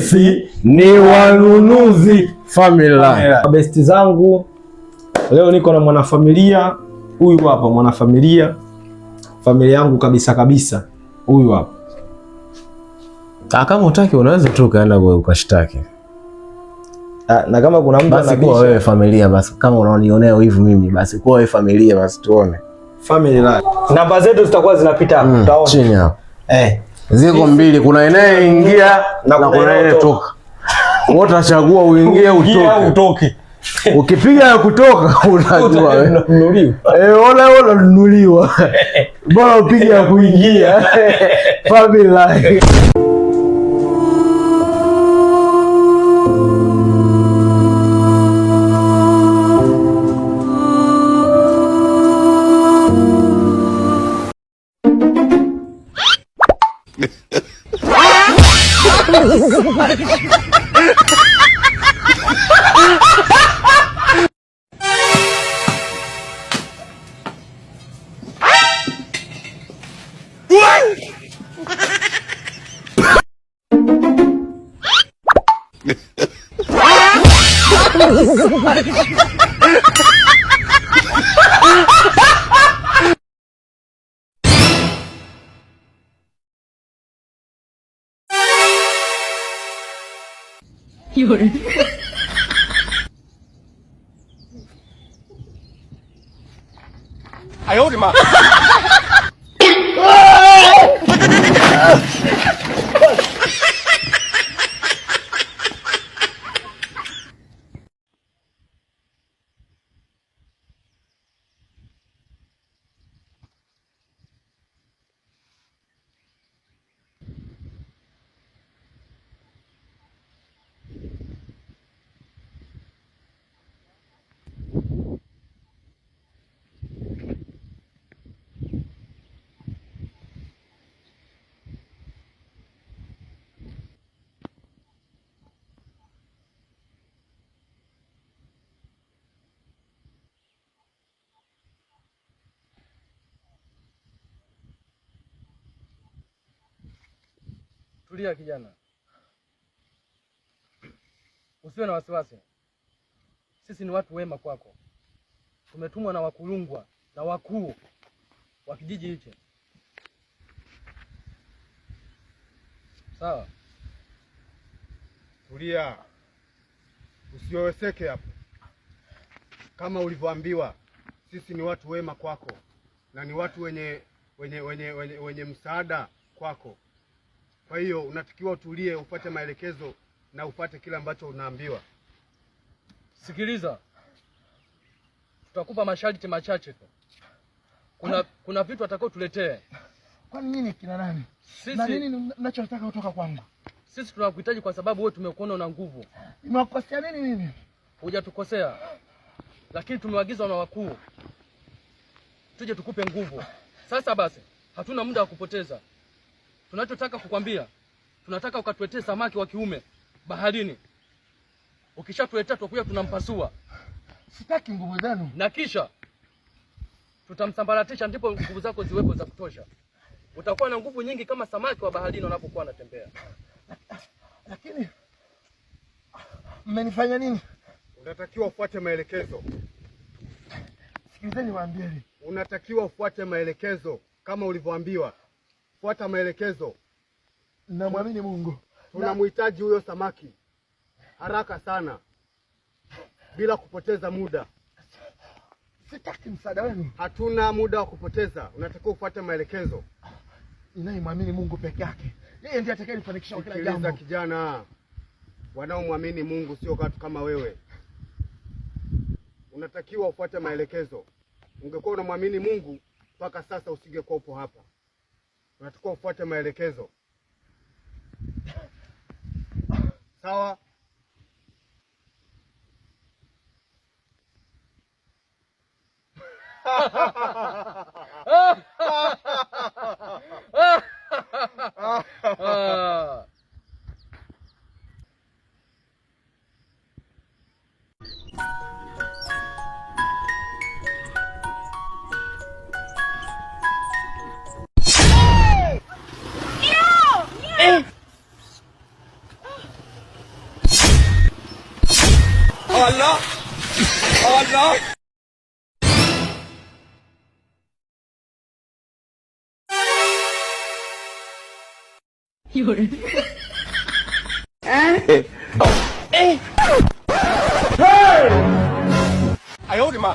sisi ni Wanunuzi Familia. Besti zangu, leo niko na mwanafamilia huyu hapa, mwanafamilia familia yangu kabisa kabisa, huyu hapa. Ah, kama utaki unaweza tu ukaenda ukashtaki ah, na kama kuna mtu basi kuwa wewe familia basi, kama unaonionea hivi mimi basi kuwa wewe familia basi, tuone family life. Namba zetu zitakuwa zinapita hapo, mm, utaona chini hapo eh ziko mbili, kuna inayeingia na kuna inayetoka. Wewe utachagua uingie utoke. Ukipiga ya kutoka unajua wewe. Eh, ona ona nuliwa. Bora upige ya kuingia. Family life. 有人！哎呦我的妈！Tulia kijana, usiwe na wasiwasi. Sisi ni watu wema kwako, tumetumwa na wakulungwa na wakuu wa kijiji hicho. Sawa, tulia, usioweseke hapo. Kama ulivyoambiwa, sisi ni watu wema kwako na ni watu wenye, wenye, wenye, wenye, wenye msaada kwako. Kwa hiyo unatakiwa utulie, upate maelekezo na upate kile ambacho unaambiwa. Sikiliza, tutakupa masharti machache tu. Kuna, kuna vitu atakao tuletee. Kwani nini kina nani? Sisi, na nini ninachotaka kutoka kwangu? Sisi tunakuhitaji kwa sababu wewe tumekuona una nguvu. Nimekosea nini mimi? Hujatukosea, lakini tumeagizwa na wakuu tuje tukupe nguvu. Sasa basi, hatuna muda wa kupoteza. Tunachotaka kukwambia, tunataka ukatuletee samaki wa kiume baharini. Ukishatuletea tutakuja tunampasua. Sitaki nguvu zenu. Na kisha tutamsambaratisha, ndipo nguvu zako ziwepo za kutosha. Utakuwa na nguvu nyingi kama samaki wa baharini wanapokuwa wanatembea. Lakini mmenifanya nini? Unatakiwa ufuate maelekezo. Sikilizeni waambieni, unatakiwa ufuate maelekezo kama ulivyoambiwa. Fuata maelekezo. Namwamini Mungu. Tunamhitaji huyo samaki haraka sana bila kupoteza muda. Sitaki msaada wenu, hatuna muda wa kupoteza. Unatakiwa ufuate maelekezo. Ninayemwamini Mungu peke yake, yeye ndiye atakayenifanikisha kila jambo. Kijana, wanaomwamini Mungu sio watu kama wewe. Unatakiwa ufuate maelekezo. Ungekuwa unamwamini Mungu mpaka sasa, usingekuwa upo hapa. Unatakiwa ufuate maelekezo, sawa? 어. Allah! Allah! 有人，哎，哎，哎，哎呦我的妈！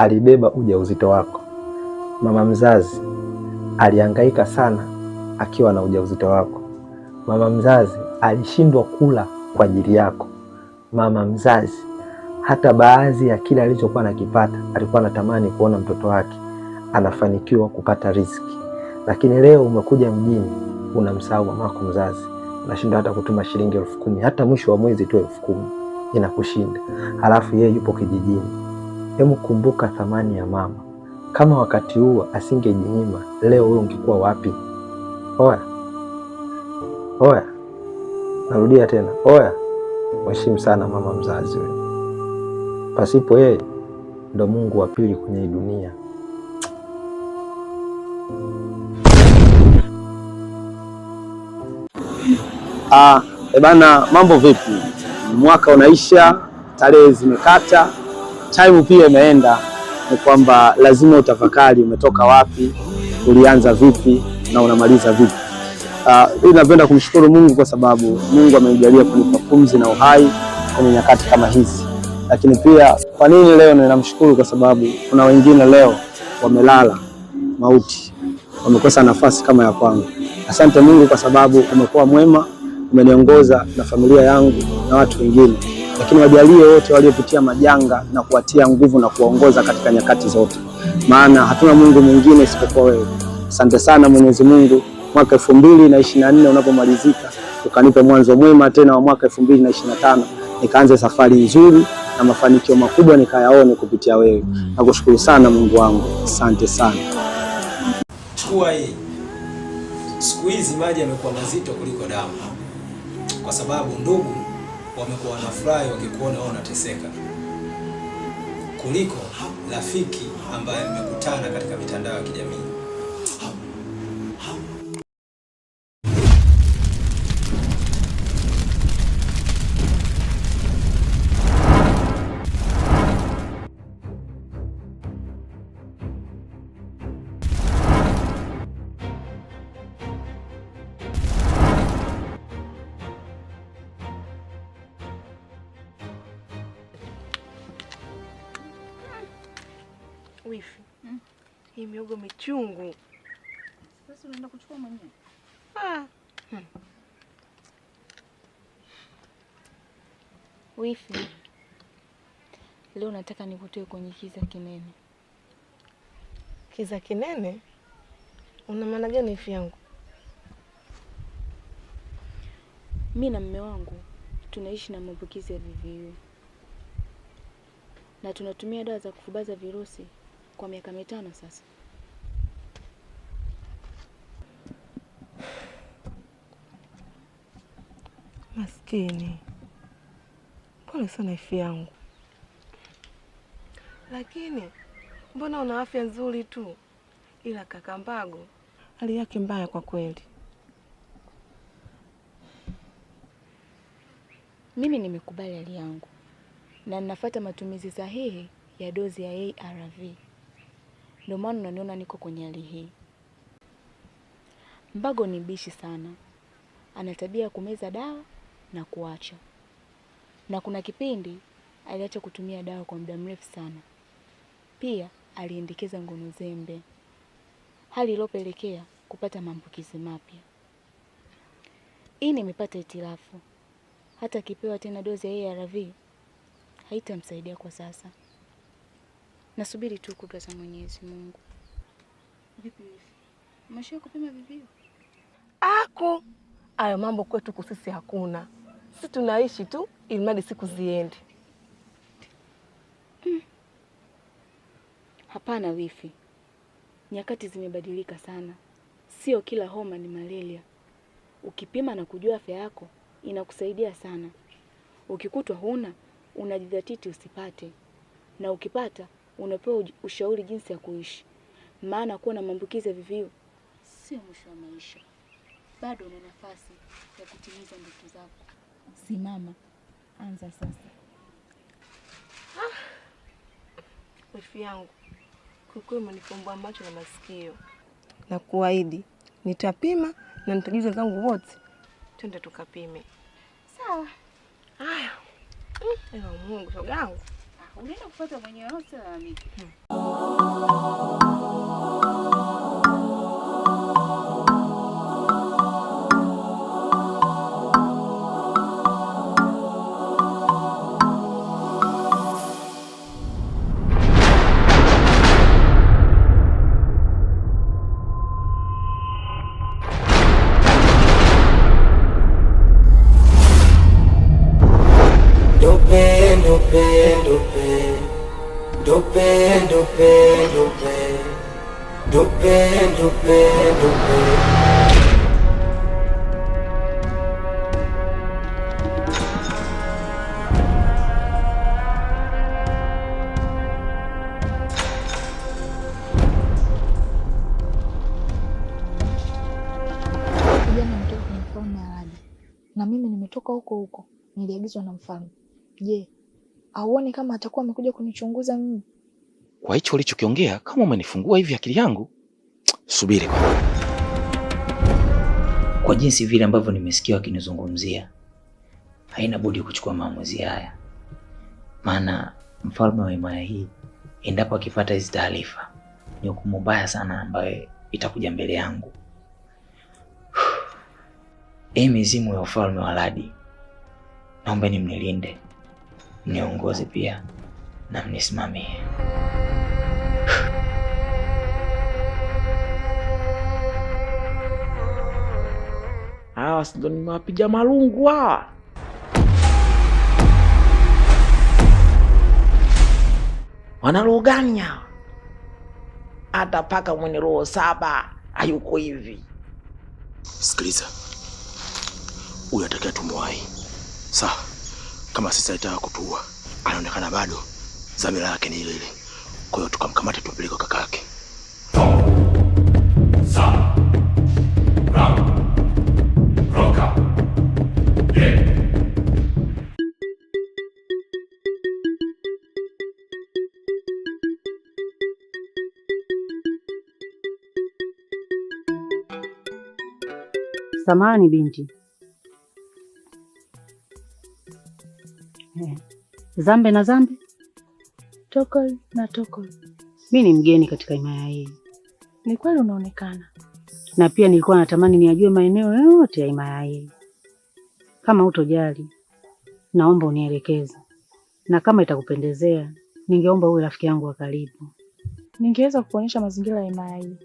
alibeba ujauzito wako. Mama mzazi alihangaika sana akiwa na ujauzito wako. Mama mzazi alishindwa kula kwa ajili yako. Mama mzazi hata baadhi ya kile alichokuwa nakipata alikuwa anatamani kuona mtoto wake anafanikiwa kupata riziki, lakini leo umekuja mjini unamsahau mamako mzazi, unashindwa hata kutuma shilingi elfu kumi hata mwisho wa mwezi tu elfu kumi inakushinda, halafu yeye yupo kijijini Hebu kumbuka thamani ya mama. Kama wakati huo asingejinyima, leo wewe ungekuwa wapi? Oya, oya, narudia tena, oya. Mheshimu sana mama mzazi wewe, pasipo yeye ndo Mungu wa pili kwenye dunia. Ah, ebana, eh mambo vipi? Mwaka unaisha, tarehe zimekata time pia imeenda, ni kwamba lazima utafakari umetoka wapi, ulianza vipi na unamaliza vipi. Uh, napenda kumshukuru Mungu kwa sababu Mungu amenijalia kunipa pumzi na uhai kwenye nyakati kama hizi. Lakini pia kwa nini leo ninamshukuru? Kwa sababu kuna wengine leo wamelala mauti, wamekosa nafasi kama ya kwangu. Asante Mungu kwa sababu umekuwa mwema, umeniongoza na familia yangu na watu wengine lakini wajalie wote waliopitia majanga na kuwatia nguvu na kuwaongoza katika nyakati zote, maana hatuna Mungu mwingine isipokuwa wewe. Asante sana Mwenyezi Mungu, mwaka 2024 unapomalizika ukanipe mwanzo mwema tena wa mwaka 2025 nikaanze safari nzuri na mafanikio makubwa nikayaone kupitia wewe. Nakushukuru sana Mungu wangu, asante sana. Chukua hii. Siku hizi maji yamekuwa mazito kuliko damu, kwa sababu ndugu wamekuwa wanafurahi wakikuona wao unateseka, kuliko rafiki ambaye mmekutana katika mitandao ya kijamii. uchungu. Sasa unaenda kuchukua mwenyewe? Ah. Hmm. Wifi, leo nataka nikutoe kwenye kiza kinene. Kiza kinene? Una maana gani wifi yangu? Mi na mme wangu tunaishi na maambukizi ya VVU na tunatumia dawa za kufubaza virusi kwa miaka mitano sasa. Lakini pole sana ifi yangu. Lakini mbona una afya nzuri tu, ila kaka Mbago hali yake mbaya kwa kweli. Mimi nimekubali hali yangu na ninafuata matumizi sahihi ya dozi ya ARV, ndio maana unaniona niko kwenye hali hii. Mbago ni bishi sana, ana tabia ya kumeza dawa na kuacha. Na kuna kipindi aliacha kutumia dawa kwa muda mrefu sana. Pia aliendekeza ngono zembe, hali iliyopelekea kupata maambukizi mapya. Hii nimepata itilafu, hata akipewa tena dozi ya ARV haitamsaidia kwa sasa. Nasubiri tu kudra za Mwenyezi Mungu. Vipi umeshawahi kupima vipimo? Ako hayo mambo kwetu kusisi hakuna sisi tunaishi tu ili mali siku ziende. Hmm. Hapana wifi, nyakati zimebadilika sana, sio kila homa ni malaria. Ukipima na kujua afya yako inakusaidia sana. Ukikutwa huna unajidhatiti usipate, na ukipata unapewa ushauri jinsi ya kuishi, maana kuwa na maambukizi ya VVU sio mwisho wa maisha, bado una nafasi ya kutimiza ndoto zako. Simama, anza sasa. Ah. Wifi ah, yangu kiukweli umenifumbua macho na masikio, na kuahidi nitapima na nitajuza zangu wote, twende tukapime. Sawa. Haya, ewa mm, Mungu mwenye ah, unaenda kufuata mwenyewe, usilalamike. na mimi nimetoka huko huko, niliagizwa na mfalme. Je, auone kama atakuwa amekuja kunichunguza mimi? Kwa hicho ulichokiongea, kama umenifungua hivi akili yangu. Subiri kwa kwa jinsi vile ambavyo nimesikia wakinizungumzia, haina budi kuchukua maamuzi haya, maana mfalme wa himaya hii endapo akipata hizi taarifa, ni hukumu mbaya sana ambayo itakuja mbele yangu. Ee mizimu ya ufalme wa radi, ni mnilinde, mniongoze pia na mnisimamie. Hawa sindo nimewapiga marungu hawa. Wana roho gani hawa? Hata paka mwenye roho saba hayuko hivi. Sikiliza huyu atakia tumwahi. Sawa, kama sisi aitaka kutuua, anaonekana bado dhamira yake ni ile ile, kwa hiyo tukamkamata tumpeleke kaka yake. samani binti Zambe na zambe, tokol na tokol. Mi ni mgeni katika himaya hii. Ni kweli unaonekana, na pia nilikuwa natamani niyajue maeneo yote ya himaya hii. Kama hutojali, naomba unielekeze, na kama itakupendezea, ningeomba uwe rafiki yangu wa karibu. Ningeweza kukuonyesha mazingira ya himaya hii,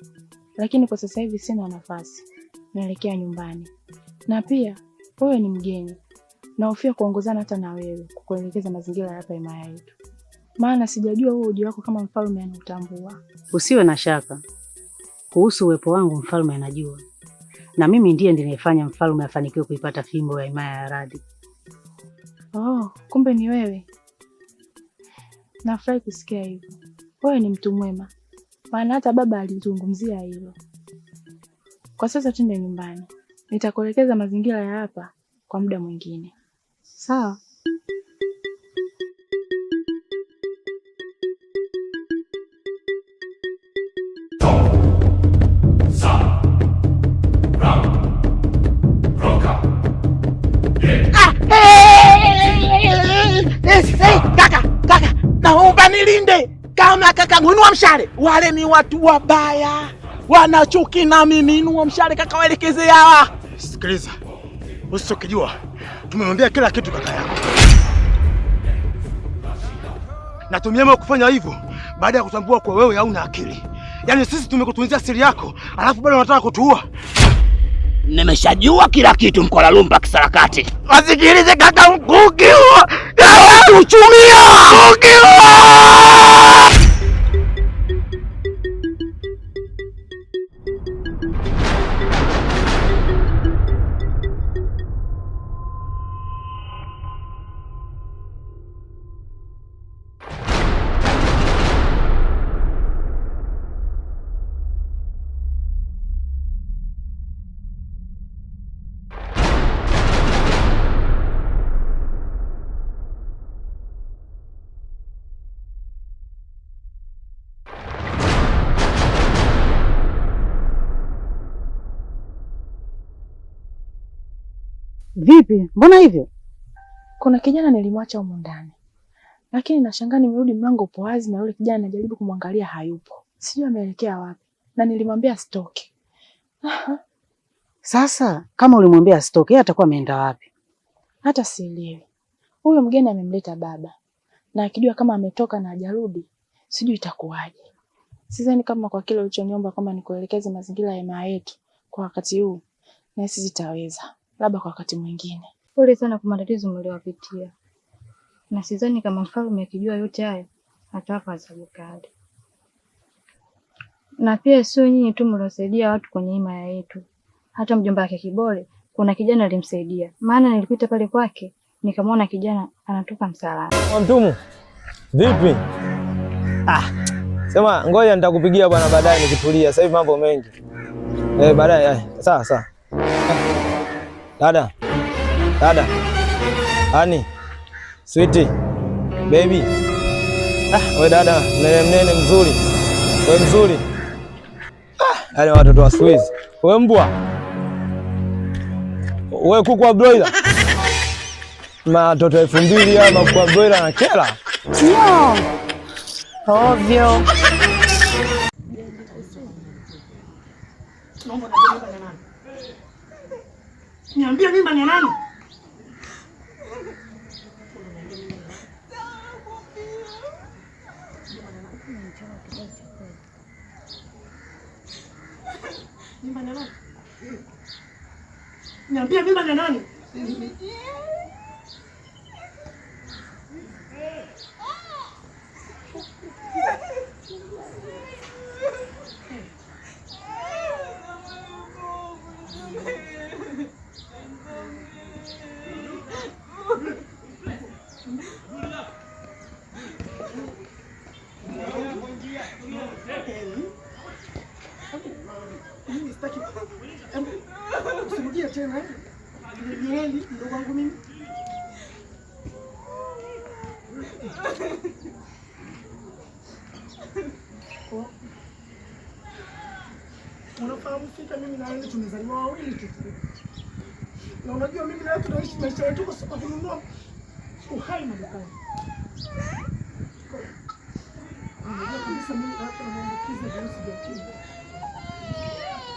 lakini kwa sasa hivi sina nafasi, naelekea nyumbani, na pia wewe ni mgeni naofia kuongozana hata na wewe, kukuelekeza mazingira ya hapa himaya yetu, maana sijajua huo uji wako kama mfalme anautambua. Usiwe na shaka kuhusu uwepo wangu, mfalme anajua, na mimi ndiye ndinayefanya mfalme afanikiwe kuipata fimbo ya himaya ya Radi. Oh, kumbe ni wewe. Nafurahi kusikia hivyo. Wewe ni mtu mwema, maana hata baba alizungumzia hilo. Kwa sasa twende nyumbani, nitakuelekeza mazingira ya hapa kwa muda mwingine. Sawa. Naomba nilinde kama kaka Mwinua Mshale, wale ni watu wabaya, wanachuki na mimi. Mwinua Mshale kaka, waelekeze waelekezea. Sikiliza. Usichokijua tumemwambia kila kitu kaka yako, na tumeamua kufanya hivyo baada ya kutambua kuwa wewe hauna akili. Yaani sisi tumekutunzia siri yako, alafu bado unataka kutuua. Nimeshajua kila kitu, mkola lumba kisarakati. Wasikilize kaka, mkuki huo uchumia Vipi, mbona hivyo? Kuna kijana nilimwacha humu ndani, lakini nashangaa nimerudi, mlango upo wazi na yule kijana najaribu kumwangalia hayupo, sijui ameelekea wapi, na nilimwambia asitoke. Sasa kama ulimwambia asitoke, yeye atakuwa ameenda wapi? Hata sielewi. Huyo mgeni amemleta baba, na akijua kama ametoka na hajarudi, sijui itakuwaje. Sizani kama kwa kile ulichoniomba kwamba nikuelekeze mazingira ya mama yetu kwa wakati huu, na sisi taweza labda kwa wakati mwingine. Pole sana kwa matatizo mliyopitia, na sidhani kama mfalme akijua yote haya atawapa adhabu kali. Na pia sio nyinyi tu mliosaidia watu kwenye himaya yetu, hata mjomba wake Kibole kuna kijana alimsaidia, maana nilipita pale kwake nikamwona kijana anatoka msalani. Oh, Mtumu vipi? Ah, sema ngoja nitakupigia bwana baadaye nikitulia. Sasa hivi mambo mengi eh, baadaye. Eh, sawa sawa. Dada, dada, ani switi baby. Ah, we dada mnene mnene mzuri, we mzuri. Ah, yaani watoto wa siku hizi. We mbwa, we kuku wa broiler, matoto elfu mbili haya kuku wa broiler na kela no. ovyo Niambie mimba ni nani? Niambia mimba ni nani? mimi sitaki. Hebu usirudie tena. Nieni ndugu wangu mimi. Unafahamu fika mimi na wewe tumezaliwa wawili tu. Na unajua mimi na wewe tunaishi maisha yetu kwa sababu kununua uhai na mkono. Unajua kabisa mimi na wewe virusi vya ukimwi.